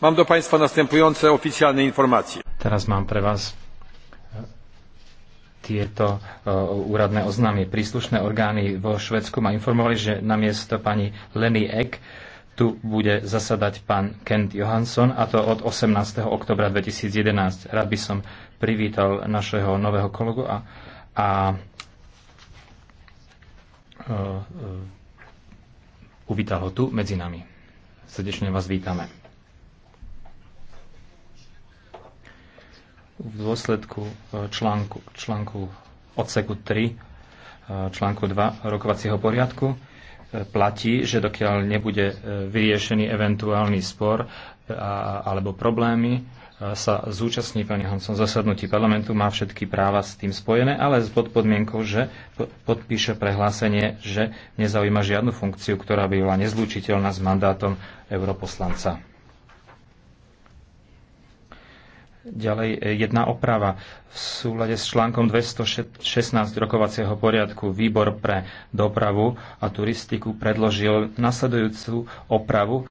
Mám do Państwa następujące oficjalne informacje. Teraz mám pre vás e, tieto e, úradné oznámy. Príslušné orgány vo Švedsku ma informovali, že namiesto pani Leny Ek tu bude zasadať pán Kent Johansson a to od 18. oktobra 2011. Rád by som privítal našeho nového kolegu a, a e, uvítal ho tu medzi nami. Srdečne vás vítame. v dôsledku e, článku, článku odseku 3 e, článku 2 rokovacieho poriadku e, platí, že dokiaľ nebude vyriešený eventuálny spor alebo problémy, sa zúčastní pani Hanson zasadnutí parlamentu, má všetky práva s tým spojené, ale s podmienkou, že podpíše prehlásenie, že nezaujíma žiadnu funkciu, ktorá by bola nezlučiteľná s mandátom europoslanca. Ďalej e, jedna oprava. V súlade s článkom 216 rokovacieho poriadku Výbor pre dopravu a turistiku predložil nasledujúcu opravu.